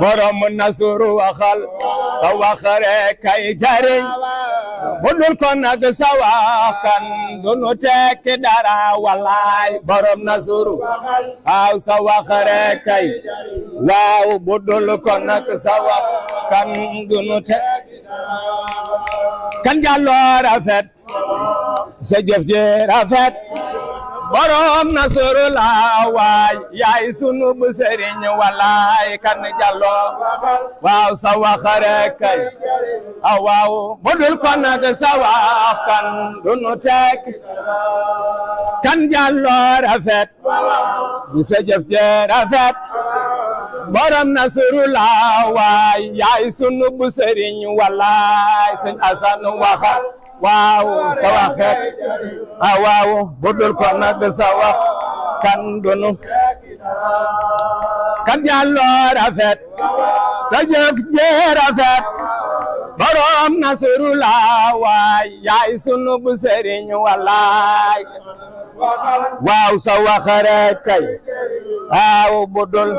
borom nasuru waxal sa wax kay jariñ bu dul ko nag sa wax kan dunu tekki dara walaay borom sa wax kay waaw bu dul ko nag sa wax kan kan jàlloo rafet sa jëf ji rafet borom nasuru laa waay yaay sunu bu sëriñ walaay kan jàlloo waaw sa wax kay aw ah, waaw bu dul kon nag sa wax kan dunu teg kan jàlloo rafet bu sa jëf je rafet borom nasuru laa waay yaay sunu bu sëriñ walaay sëñ Asan waxa waaw sawa xeet a ah, waaw bodol ko nagge sawa kan donu kan jàlloo rafet sa jëf jee rafet borom nasrullah waay yaay sunu bu wallaay waaw sa wax kay aw budul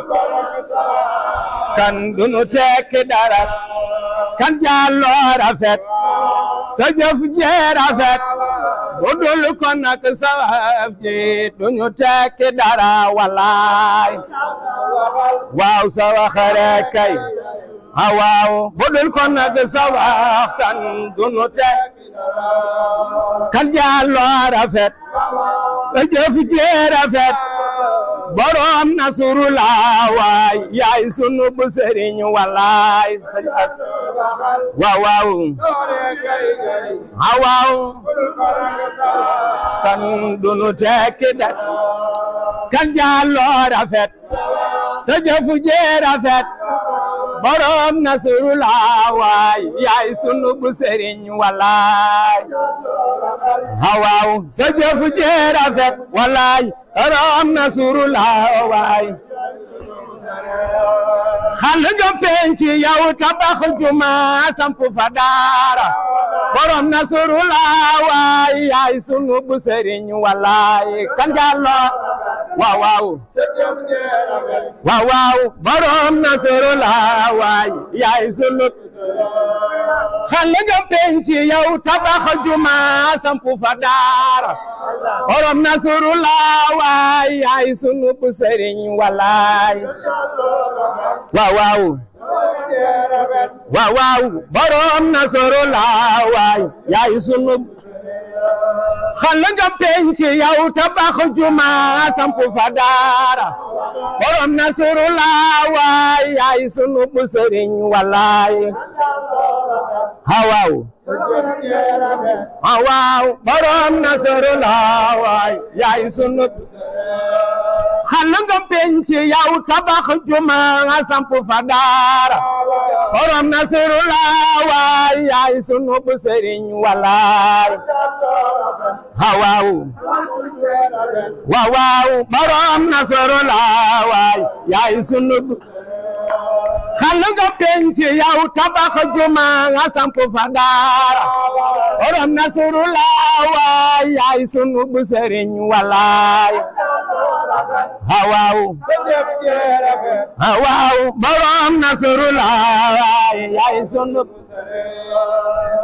kan dunu tekki dara kan jàlloo rafet sa jëf jee rafet budul ko nak sa jëf duñu tekki dara wallaay waaw sa wax kay waaw bu dul kon nag sa wax kan dunu te kan rafet sa jëf jee borom nasuru laa yaay sunu bu sëriñ walaay sëñ as waaw waaw waaw kan dunu tekki det kan yaay sunu bu sëriñ waay xal nga penc tabax juma samp fa daara borom nasuru la waay yaay sunu bu sëriñ walaay kan jàllo borom nasuru la waay yaay sunu xale nga penc yow tabax juma sampu fa daara nasuru laa waay ay sunu bu sëriñ walaay nasuru laa waay ay xala nga penc yow tabax juma sampu fa borom nasuru laa waay yaay sunu bu sëriñ hawaaw borom nasuru laa waay yaay sunu xala nga penc yow tabax juma sampu fa borom Nasrullah waay yaay sunu bu sëriñ walaay waaw waaw borom Nasrullah waay yaay sunu bu xal nga penc yow tabax nga samp fa daara borom Nasrullah waay yaay sunu bu sëriñ walaay waaw waaw borom nasru laay yaay sunu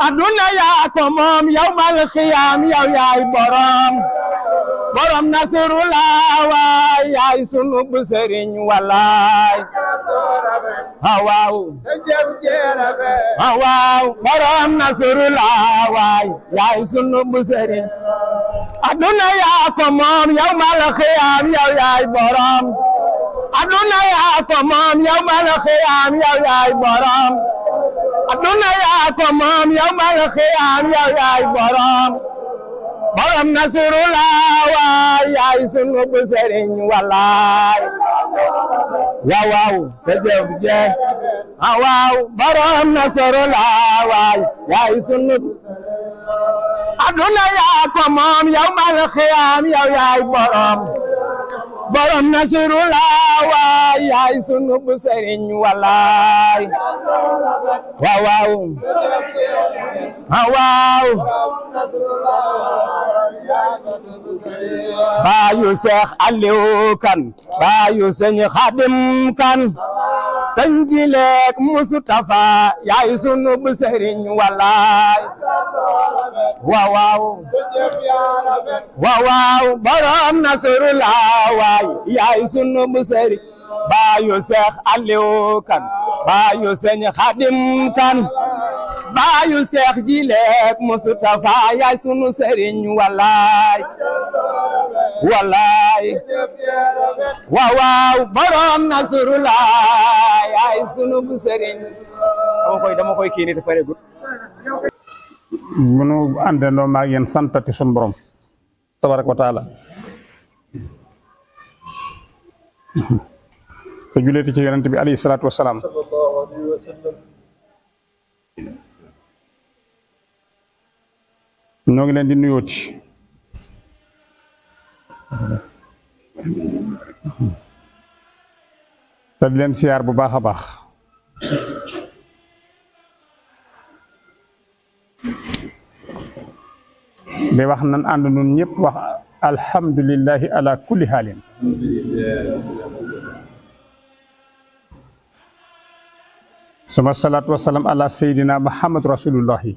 aduna yaa ko moom yawmal xiyaam yaw yaay borom borom nasru laay yaay sunu bu sëriñ walaay borom nasru laay yaay sunu bu aduna yaa ko moom yow mal xiyaam yow yaay borom aduna yaa ko moom yow mal xiyaam yow yaay borom aduna yaa ko moom yow mal xiyaam yow yaay borom borom Nasru la yaay sunu bu sëriñ wallaay waaw waaw sa jëf je ah waaw borom yaay sunu aduna yaa ko moom yow mal xiyaam yaay borom borom nasiru laa waay yaay sunu bu sëriñ walaay waaw waaw waaw baayu Seex Aliw kan baayu sëñ Xadim kan sanjileek Mustafa yaay sunu bu wallaay waawaaw waawaaw borom nasrul awaay yaay sunu bu sëriñ baayu Seex Aliw kan baayu Sëñ Xadim kan baayu seex ji leeg Mustafa yaay sunu sëriñ walaay walaay waaw borom nasuru yaay sunu bu sëriñ dama koy dama kii nii te pare gut munu àndandoo maag yéen santati sunu borom tabaraka wa taala te ci yonent bi alayhi salaatu wa ñoo ngi leen di nuyooti te bu baax a baax di wax nan ànd nun ñëpp wax alhamdulillahi ala kulli haalin suma salaatu wasalaam ala sayyidina muhammad rasulullahi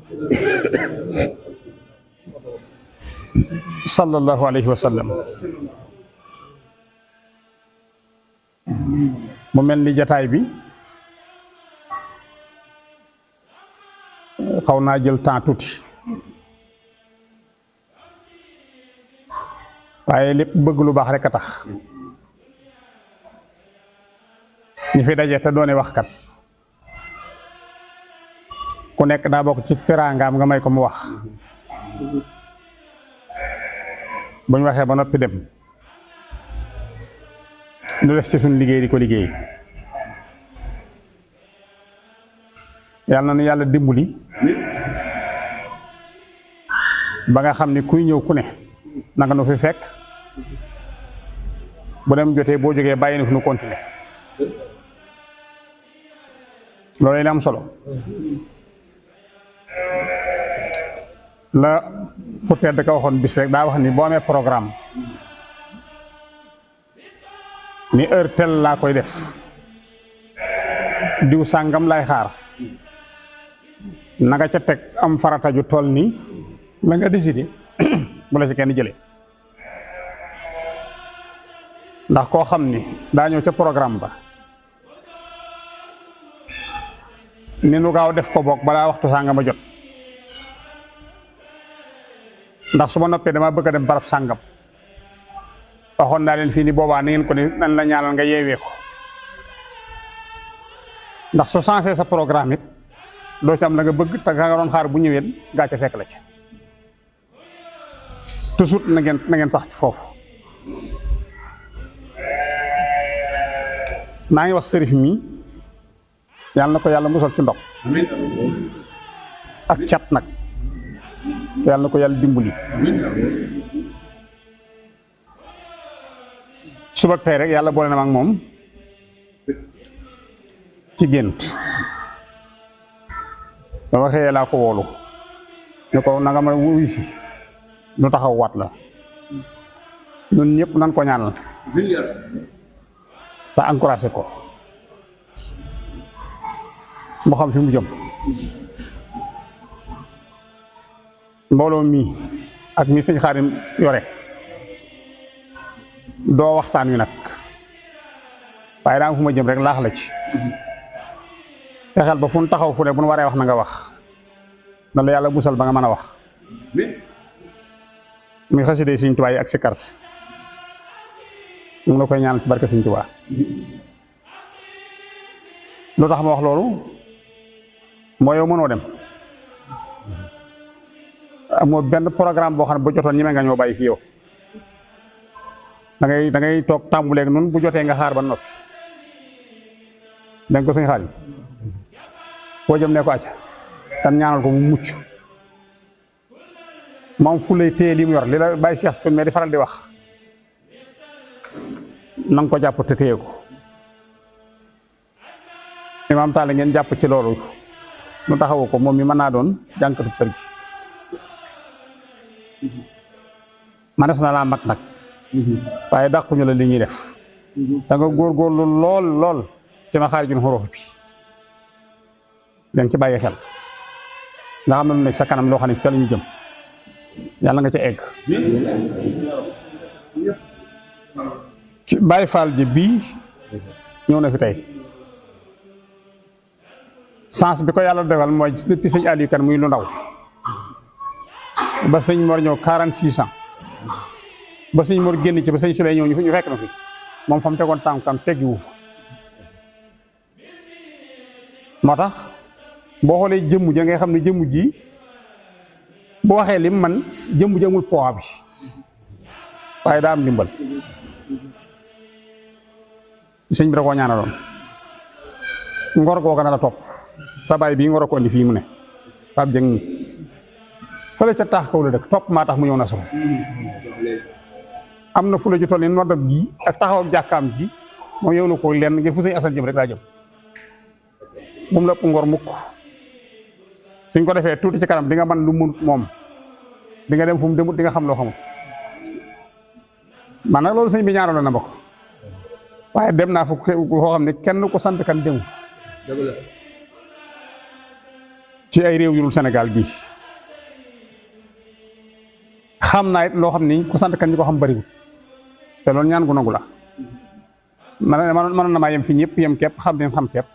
sallallahu alayhi wa mu mel ni jataay bi xaw naa jël temps tuuti waaye lépp bëgg lu baax rek a tax ñi fi daje te doone waxkat ku nekk daa bokk ci teraangaam nga may ko mu wax buñ waxee ba noppi dem ñu def ci suñ liggéey di ko liggéey yàlla na nu yàlla dimbali ba nga xam ni kuy ñëw ku ne nanga nu fi fekk bu dem jotee boo jógee bàyyi na fi nu continuer loolu yi am solo la ku tedd ka waxoon bis rek daa wax ni boo amee programme ni heure tel laa koy def diw sàngam lay xaar na nga ca teg am farata ju toll nii la nga décider bu la ci kenn jëlee ndax koo xam ni daa ñëw ca programme ba ni nu gaaw def ko boog balaa waxtu sàngama jot ndax suma ma noppee dama bëgg dem barab sàngam waxoon naa leen fii ni boobaa na ngeen ko ni nan la ñaanal nga yeewee ko ndax su sensé sa programme it doo ci am la nga bëgg te nga doon xaar bu ñëween gaa ca fekk la ci toujours na ngeen na ngeen sax ci foofu naa ngi wax sërif mi yàlla na ko yàlla musal ci ndox ak cat nag yàlla ko yàlla dimbali suba ak rek yàlla boole na ma moom ci gént ba xëyee laa ko woolu ne ko nanga ma wuy si taxaw waat la ñun ñëpp nan ko ñaanal te encouragé ko mu xam fi mu jëm mbolo mi ak mi seigne kharim yore Doa waxtan wi nak. waaye dama fuma jëm rek laax la ci taxal ba fu taxaw fu ne bu waré wax na nga wax na la yalla musal ba nga mëna wax mi xassidé seigne touba ak ci kars ñu koy ñaan ci barke seigne touba lutax ma wax loolu dem amoo benn programme boo xam ne bu jotoon ñi nga ñoo bàyyi fi yow dangay toog da ngay toog nun bu jotee nga xaar ba noppi da nga ko sëñ xaalis boo jëm ne ko acca tan ñaanal mu mucc moom fu lay li mu yor li la bàyyi seex cun mais di faral di wax na ko jàpp te téye ko imaam taala ngeen jàpp ci loolu mu taxawu ko moom mi mën naa doon jànkatu kër gi manes na laa mat nag waaye dàquñu la li ñuy def da góor góorgóorlu lool lool ci maxaarijul xuruuf bi danga ci bàyyi xel nga xam ne nekk sa kanam loo xam ne ca la jëm yàlla nga ca egg bàyyi Baay Faal ji bii ñëw na fi tey sens bi ko yàlla defal mooy depuis sëñ Aliou Kan muy lu ndaw ba sëñ Mor ñëw quarante six ans ba sëñ Mor génn ci ba sëñ Souley ñëw ñu ñu fekk na fi moom fa mu tegoon tànkam teggi wu fa moo tax boo xoolee jëmm ja ngay xam ne jëmm ji boo waxee lim man jëmm ji amul poids bi waaye daa am ndimbal sëñ bi da koo ñaanaloon ngor googa na la topp sa baay bii ngor a fii mu ne Pape Dieng fële ca taax kaw la dëkk topp maa tax mu ñëw na soxla am na fu la ci toll nii noddam ji ak taxaw ak jàkkaam ji moom yow na ko lenn ngir fu sëñ Asan jëm rek laa jëm moom la ëpp mukk suñ ko defee tuuti ci kanam di nga mën lu mu moom di nga dem fu mu demut di nga xam loo xamul man nag loolu sëñ bi ñaanaloon na ma ko waaye dem naa fu koo xam ne kenn ko sant kan démul ci ay réew yu dul Sénégal bii xam naa it loo xam ni ku sant kan ñi ko xam bëriwul te loolu ñaan gu nangu la man man na maa yem fi ñëpp yem képp xam ne xam képp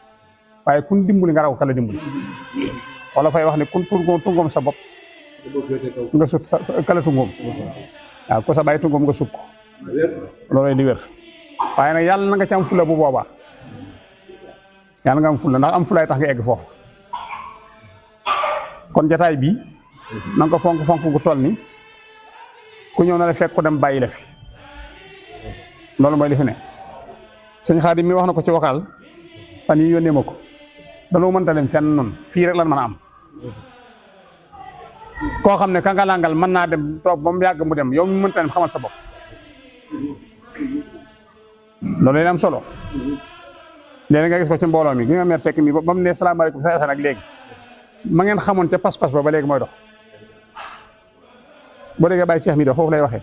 waaye kun dimbali nga raw kala dimbali wala fay wax ne kun turgoom tungoom sa bopp nga sut sa kala tungoom waaw ku sa bàyyi tungoom nga sut ko loolay di wér waaye nag yàlla na nga ci am fula bu boobaa yàlla nga am fula ndax am fulay tax nga egg foofu kon jataay bi na nga ko fonk fonk gu toll ni ku ñëw na la fekk ku dem bàyyi la fi loolu mooy li fi ne sëñ Xaadim mi wax na ko ci vocal fan yi yónnee ma ko danoo mënta dem fenn noonu fii rek lan mën a am koo xam ne ka nga mën naa dem toog ba mu yàgg mu dem yow mu mënta dem xamal sa bopp loolu leen am solo léeg nga gis ko ci mbooloo mi gi nga mer sekk mi ba mu ne salaamaaleykum saa sa ak léegi ma ngeen xamoon ca pas-pas ba ba léegi mooy dox boo déggee bàyyi Cheikh mi do foofu lay waxee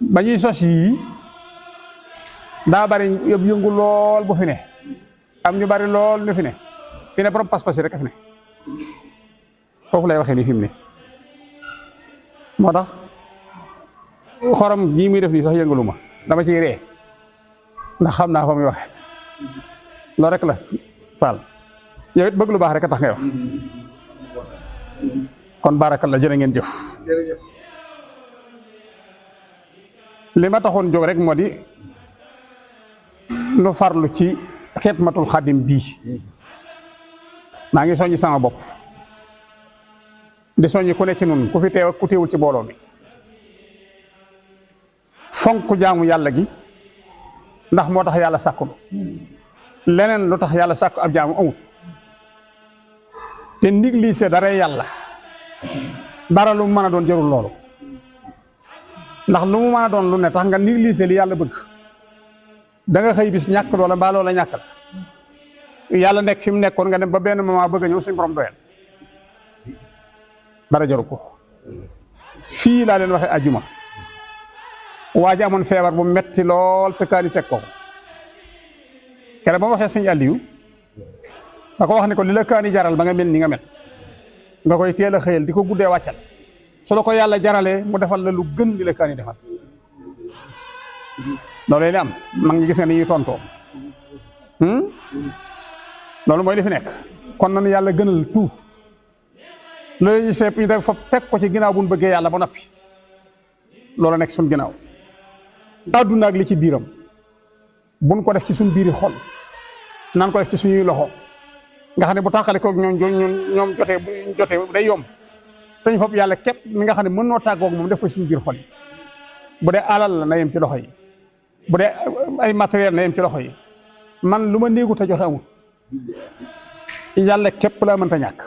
ba sos yii daa bari yëpp yëngu lool bu fi ne am ñu bari lool ñu fi ne fi ne pas-pas rek a foofu lay waxe nii fi ne moo tax xorom gii muy def nii sax yëngalu ma dama ci ree ndax xam naa fa muy waxe loolu rek la Fall yow bëgg lu baax rek a tax ngay wax kon baarakal la jërë ngeen jëf li ma taxoon jóg rek modi di farlu ci khidmatul khadim bi ma ngi soñu sama bop di soñu ku ne ci nun ku fi teew ku teewul ci bolo bi fonk jaamu yalla gi ndax motax yalla sakku lenen lutax yalla sakku ab jaamu amu te ndigli se dara yalla dara lu don mën lolo, doon jarul loolu ndax lu mu mën doon lu netax nga ni négliger li yalla bëgg da nga xey bis ñak loola ba loola ñàkkal yalla nek fi nekkon nga dem ba ben moment bëgg ñu suñu borom doyal dara jaru ko fi la leen waxe ajuma waji amon febar bu metti lool te kaani teg ko ba waxe sëñ Aliou da ko wax ne ko lila jaral ba nga mel nga mel nga koy teel a xëyal di ko guddee wàccal su la ko yàlla jaralee mu defal la lu gën di la kaani defal loolu yéen am mag ñi gis nga ni ñuy tontoo hmm? loolu mooy li fi nekk kon nan yàlla gënal tout loolu ñu seep ñu def fop teg ko ci ginaaw bu ñu bëggee yàlla ba noppi loolu nekk suñ ginaaw àdduna ak li ci biiram buñ ko def ci suñ biiri xol nan ko def ci suñuy loxo nga xam ne bu tàqale koog ñoom ñoom ñoom jotee jotee day yomb dañ foofu yàlla képp mi nga xam ne mën noo tàggoog moom def ko suñu biir xol bu dee alal la na yem ci loxo yi bu dee ay matériel na ci loxo yi man lu ma néegu a joxe amul yàlla képp laa mënta ñàkk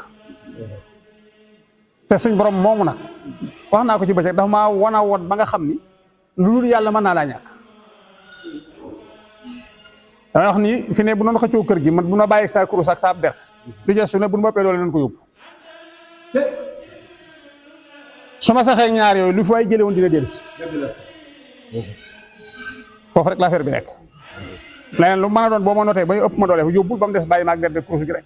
te suñ borom moomu nag wax naa ko ci bëccëg dafa maa wana woon ba nga xam ni lu dul yàlla mën naa laa ñàkk wax ni fi ne bu non xëccoo kër gi man bu ma bàyyi sa kurus ak sa ber du jës su ne bu ma boppee loolu ko yóbbu sama saxé ñaar yoy lu fay jëlé won dina dem si foofu rek l'affaire bi nek leneen lu mëna a doon boo ma notee bay ëpp ma doole yóbbul ba mu des bàyyi maag ber de kurus gi rek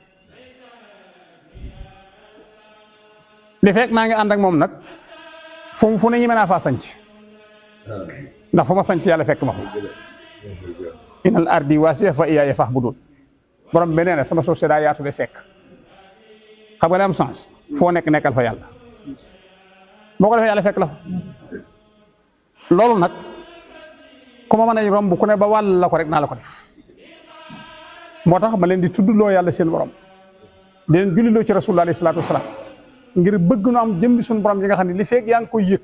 li fek ma nga and ak mom nak fu fu ne ñi mëna fa sanc ah. ndax fu ma sanc yalla fek ma ko inal ardi waasi'a fa iyyaaya fa'budun bu bi nee na sama soo si yaatu de sekk xam ba daa am sens foo nekk nekkal fa yàlla boo ko defee yàlla fekk la loolu nag ku ma mën a romb ku ne ba wàll la ko rek naa la ko moo tax ma leen di tudd loo yàlla seen borom di leen julliloo ci rasulullah alayhi salaatu ngir bëgg nu am jëmbi suñu borom yi nga xam ne li feeg yaa ngi koy yëg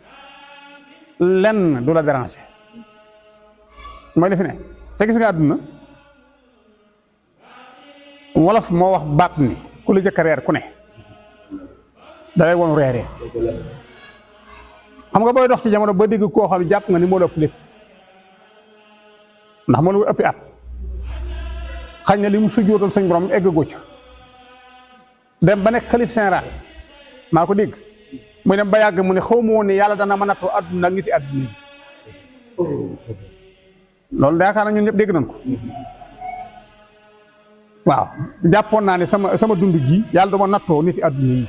lenn du la déranger mooy li fi ne. te gis nga aduna wolof mo wax bat ni ku la jëk reer ku ne da lay won reeree xam nga boy dox ci jamono ba dégg ko xam japp nga ni mo la ëpp ndax mo lu uppi at xañ na li mu señ borom egg go ci dem ba nek khalif général maa ko dégg muy dem ba yag mu ne xaw ma woon dana manatu aduna ngi ci aduna Lol, yaakaar na ñun ñep deg nañ ko waaw jappon na ni sama sama dundu gi yalla dama natto nit yi àdduna yi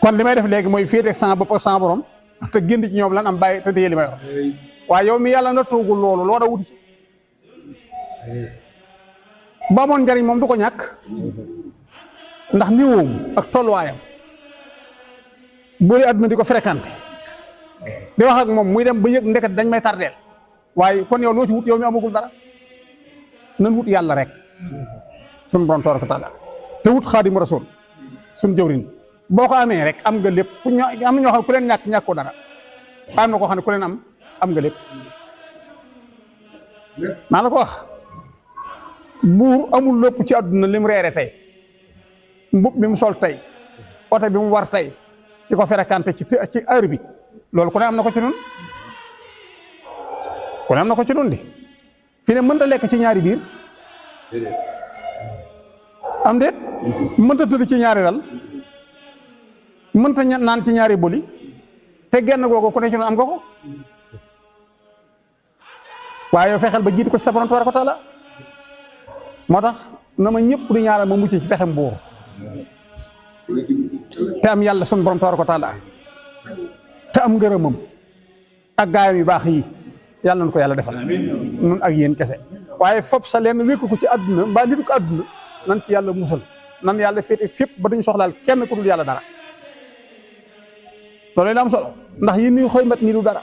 kon limay def legi moy fete sans bopp sans borom te gënd ci ñom lan am baye te de limay wax wa yow mi natto gu loolu lo da wuti ba mon njariñ mom du ko ñak ndax niwoom ak tolwayam bu àdduna aduna diko fréquenté di wax moom muy dem ba yëg ndeket dañ may tardeel waaye kon yow loo ci wut yow mi amagul dara nan wut yàlla rek sun borom tabaraka taala te wut xaadimu rasul suñ jëwrin boo ko amee rek am nga lépp ku am ñoo xam ku leen ñàkk ñàkkoo dara am na koo xam ne ku leen am nga lépp maa la ko wax buur amul lépp ci àdduna li mu reere tey mbub bi mu sol tey oto bi mu war tey di ko ferekante ci ci heure bi loolu ku am na ko ci nun ku am na ko ci nun di fi ne mënta lekk ci ñaari biir am déet mënta tëdd ci ñaari dal mënta naan ci ñaari boli te genn googu ku ne ci nun am nga ko waaye yow fexeel ba jiit ko ci sa borom tabaaraka wa taala moo tax na ma ñëpp di ñaanal ma mucc ci pexem buur te am yàlla sun borom tabaaraka wa taala te am ngërëmam ak gaayam yu baax yi yàlla nañ ko yàlla defal nun ak yéen kese waaye fop sa leen wékku ko ci àdduna mbaa nitu ko àdduna nan ci yàlla musal nan yàlla féete fépp ba duñ soxlaal kenn ku dul yàlla dara loolu la am solo ndax yéen ñuy xooy mat ni du dara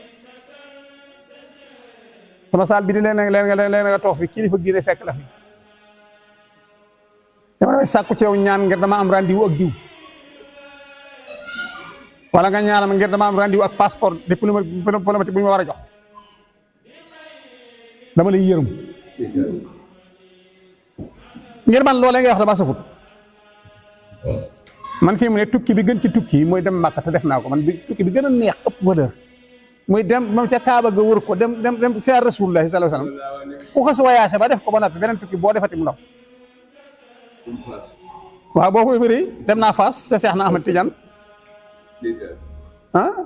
sama saal bi di leen leen leen nga toog fi kilifa diine fekk la fi dama sàkku ci yow ñaan nga dama am rendez-vous ak diw wala nga ñaanal ma ngir dama am rendez-vous ak passeport diplomatique bu ñu ma war dama la yërëm ngir man loolee ngay wax dama safut man fii mu ne tukki bi gën ci tukki yi mooy dem Màkka def naa ko man bi gën a neex ëpp valeur muy dem ma ca Kaaba ga wër ko dem dem dem seer Rasulullah sallallahu alayhi wasallam ku xas ba def ko ba noppi beneen tukki boo defati mu ndox waaw boo koy bëri dem naa Fass te Seex na Ahmad Tidiane ah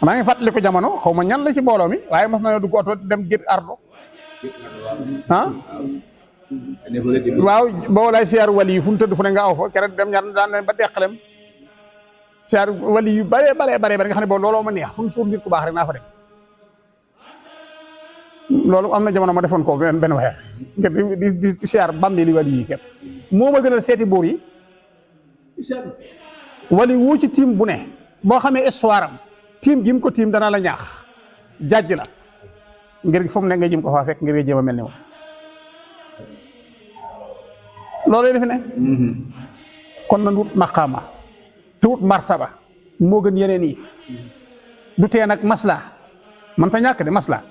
maa ngi fàttali ko jamono xawma ñan la ci mbooloo mi waye mas nañoo dugg oto dem gir ardo ah waaw bo lay siyaar wali fu mu fu ne nga aw fa keroog dem ñan daan nañ ba deqalem siyaar wali yu bare bare bare bare nga xane bo lolo ma neex fu mu suur nit ku baax rek na fa dem loolu amna jamono ma defon ko ben wax ngir di di di siyaar li wali yi kep moma gënal seti bor yi wali wu ci tim bu ne bo xamé histoire tim gi ko tim dana la ñaax jajj la ngir fu mu ne nga jim ko fa fek ngir jema melni lolé def ne mm-hmm. kon na wut maqama te martaba mo gën yenen yi du té nak masla man fa ñak de masla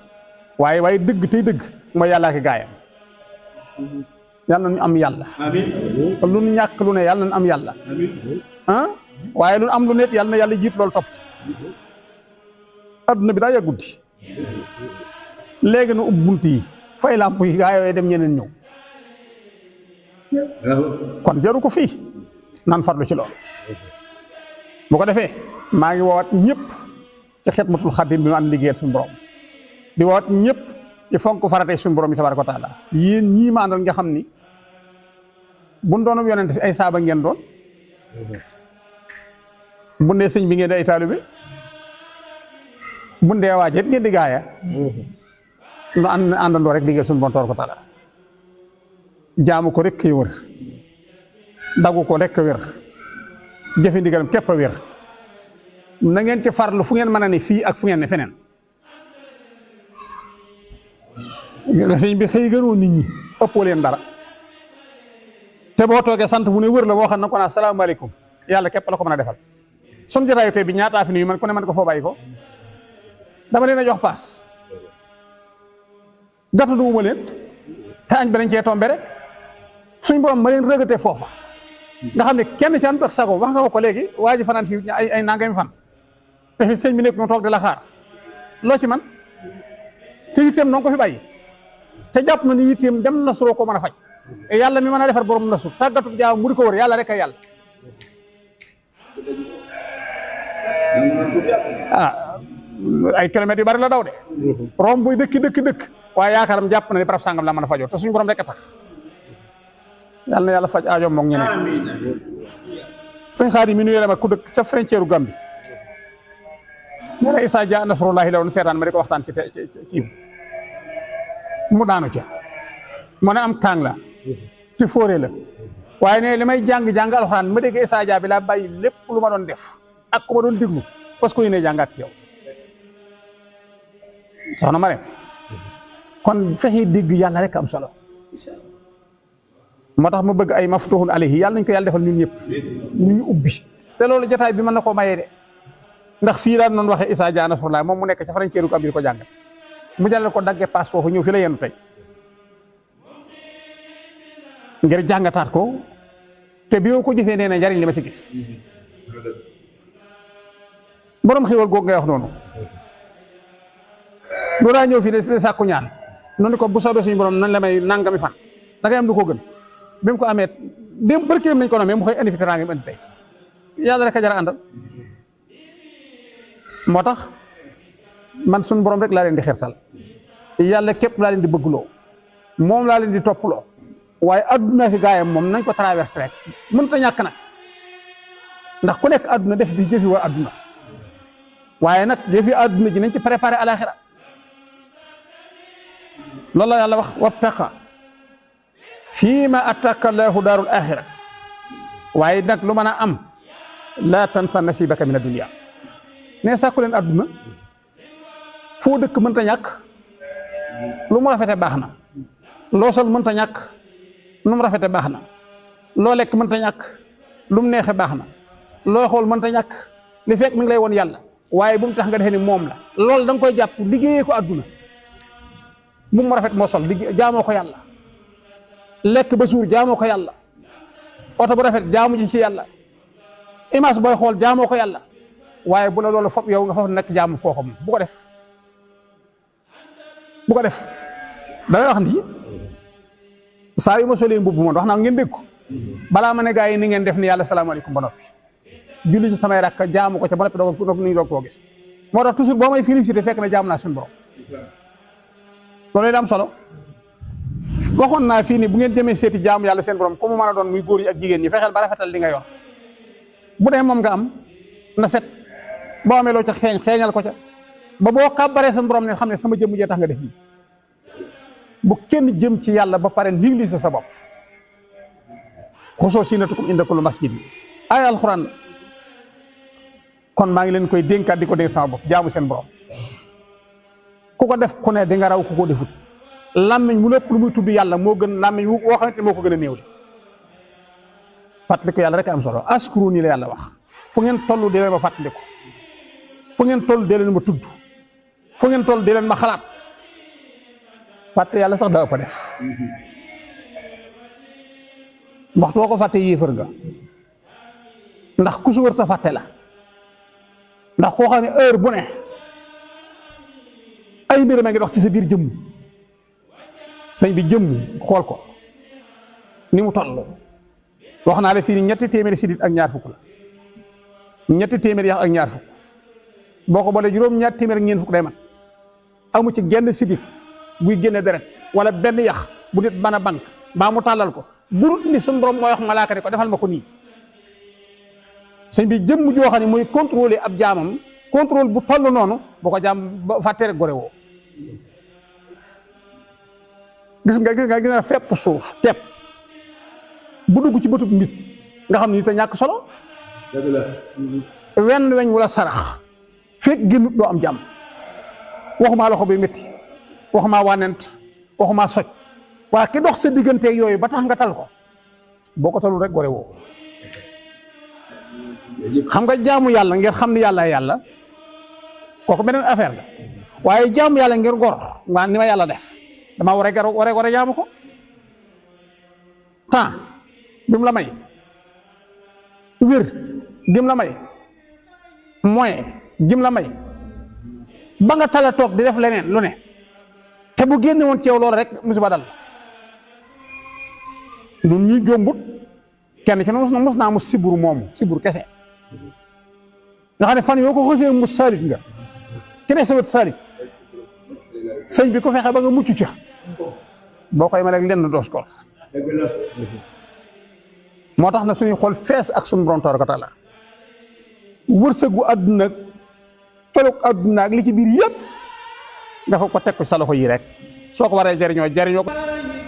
waye waye deug tey deug mooy yalla ki gayam mm-hmm. yalla ñu am amin lu ñak lu ne yalla ñu am amin ah waaye lu am lu net yàlla na yàlla jiit loolu topp adduna bi daa yàgguddi léegi nu ub bunt yi fay làmp yi gaa yooyu dem ñeneen ñëw kon jaru ko fii nan farlu ci loolu bu ko defee maa ngi woowaat ñëpp ci xidmatul xadim bi mu am liggéeyal suñu borom di woowaat ñëpp ci fonk faratee suñu borom yi tabaraka wa taala yéen ñii ma àndal nga xam ni buñ doonam yonente fi ay saaba ngeen doon bunde ndee bi ngeen ay talibé bunde ndee ngeen di gaaya nu and andando rek digel sun bontor ko taala jaamu ko rek kay wër ko rek a wér ndigalam képp na ngeen ci farlu fu ngeen mën a ak fu ngeen ne la sëñ bi xey gënoo nit ñi ëppoo leen dara te bo toogee sant bu ne wër la bo xamna ko na assalamu alaykum yalla képp la ko defal sun jotaayu tey bi ñaata fi nuyu man ku ne man ko foo ko dama leen a jox paas gàttu uma leen te añ beneen cee tombe rek suñ borom ma leen rëgate foofa nga xam ne kenn ci ànd wax nga ko léegi waa ji fanaan fii ay ay nangami fan te fi sëñ bi nekk ñu toog di la xaar loo ci man te yitteem noo ko fi bay te jàpp na ni yitteem dem nasuroo ko mën a faj yàlla mi mën a defar borom nasur tàggatu jaaw mu di ko wër yàlla rek a yàlla ah ay kilomètres yu bari la daw de rombu buy dëkki dëkki dëkk waaye yaakaaram jàpp na ni prof sangam la mën a fajoo te suñu borom rek a tax yàlla na yàlla faj aajo moog ñu ne sëñ mi ku dëkk ca frontière gambi nee na nasrullahi la woon seetaan ma di ko waxtaan ci kii mu daanu ca mu ne am tàng la ci fóore la waaye ne li may jàng jàng alxuraan ma dégg bi laa bàyyi lépp lu ma def ak ku ma doon déglu fas ko yéene jàngaat ci yow soxna Marème kon fexe dégg yàlla rek am solo moo tax ma bëgg ay maftuhun alayhi yàlla nañ ko yàlla defal ñun ñëpp ñu ubbi te loolu jotaay bi mën na koo mayee de ndax fii daan noon waxee Issa Dia Nasrullah moom mu nekk ca frontière ko am di ko jàngal mu jàllale ko daggee paas foofu ñëw fi la yenn tey ngir jàngataat ko te bi ko gisee nee na njariñ li ma ci gis borom xéwal googu ngay wax noonu lu daa ñëw fii de sàkku ñaan noonu ko bu soobee suñu borom nan la may nangami fan da ngay am lu ko gën bi mu ko amee démb barkeem nañ ko nomee mu xëy indi fi teraange mu indi yàlla rek a jar a tax man suñu borom rek laa leen di xirtal yàlla képp laa leen di bëgguloo moom laa leen di toppaloo waaye adduna fi gaayam moom nañ ko traversé rek mënut a ñàkk nag ndax ku nekk adduna def di jëfi waa adduna. waaye nag yëfi àdduna ji nañ ci préparé alaxira loolu la yàlla wax wattaqa fii ma attaka laahu daarul axira waaye nag lu mën a am laa tansa nasibaka min adunia ne sàkku leen àdduna foo dëkk mënta ñàkk lu mu rafete baax na loo sol mënta ñàkk lu mu rafete baax na loo lekk mënta ñàkk lu mu neexe baax na loo xool mënta ñàkk li fekk mi ngi lay woon yàlla waaye bu mu tax nga defee ni moom la loolu da nga koy jàpp liggéeyee ko àdduna mu mu rafet moo sol liggéey jaamoo ko yalla, lekk ba suur jaamoo ko yàlla oto bu rafet jaamu ji ci yàlla image booy xool jaamoo ko yàlla waaye bu la loolu fop yow nga foofu nekk jaamu foo bu ko def bu ko def da wax ni saa yu ma solee mbubb moon wax naa ngeen dégg ko balaa ma ne ni ngeen def ni yàlla salaamaaleykum ba noppi julli ci samay rak jaamu ko ci bonop do ko ni do ko gis mo tax toujours bo may féliciter fekk na jaam na sun borom loolu lay dam solo waxon na fii ni bu ngeen démé séti jaam yalla sen borom ko mo mana don muy goor yi ak jigen ñi fexel ba rafetal li nga yor bu dé mom nga am na set bo amé lo ci xéñ xéñal ko ci ba bo kàbbaree seen borom ni xamné sama jëm jee tax nga def ni bu kenn jëm ci yalla ba pare négliger sa bopp xosoo inda masjid ay alquran kon maa ngi leen koy dénkaat di ko dégg sama bopp jaamu seen borom ku ko def ku ne di nga raw ku ko defut làmmiñ mu lépp lu muy tudd yàlla moo gën làmmiñ woo xamante ne moo ko gën a néew di yàlla rek am solo askuru nii la yàlla wax fu ngeen toll dee leen ma fu ngeen toll dee leen ma tudd fu ngeen toll dee ma xalaat fàtte yàlla sax daa ko def waxtu woo ko fàtte yéefar nga ndax ku su fàtte la ndax koo xam ne heure bu ne ay mbir ma ngi dox ci sa biir jëmm sëñ bi jëmm xool ko ni mu toll wax naa la fii ni ñetti téeméeri sidit ak ñaar fukk la ñetti téeméeri yax ak ñaar fukk boo ko boolee juróom ñaar téeméer ak ñeent fukk day mat amu ci genn sidit buy génne deret wala benn yax bu nit mën a bank mbaa mu tàllal ko bu ni suñu borom mooy wax malaaka ne ko defal ma ko nii sëñ bi jëm joo xam ne mooy contrôler ab jaamam contrôle bu toll noonu bu ko jaam ba fàtte rek gore woo gis nga gis nga gis nga fépp suuf tepp bu dugg ci bëtub mbit nga xam ne te ñàkk solo wenn weñ wala sarax fekk génnut doo am jàmm waxumaa loxo bi métti waxumaa wànnent waxumaa soj waa ki dox sa digganteeg yooyu ba tax nga tal ko boo ko talul rek gore woo xam nga jaamu yàlla ngir xam ni yàlla yàlla kooku beneen affaire la waaye jaamu yàlla ngir gor waa ni ma yàlla def dama war a gar war a jaamu ko temps bi mu la may wér gim la may moyen gim may ba nga tala toog di def leneen lu ne te bu génne woon ceew loolu rek musiba dal ñun ñuy jombut kenn ci na mos naa mu sibur moom sibur kese nga xam ne fan yoo ko xësee mu saalit nga keneen sawat saalit sëñ bi ko fexe ba nga mucc ca boo koy ma ak lenn doos ko moo tax na suñu xol fees ak suñu borom tabaraka taala wërsëgu àdduna ak colog àdduna ak li ci biir yëpp nga fa ko teg ko sa loxo yi rek soo ko waree jariñoo jariñoo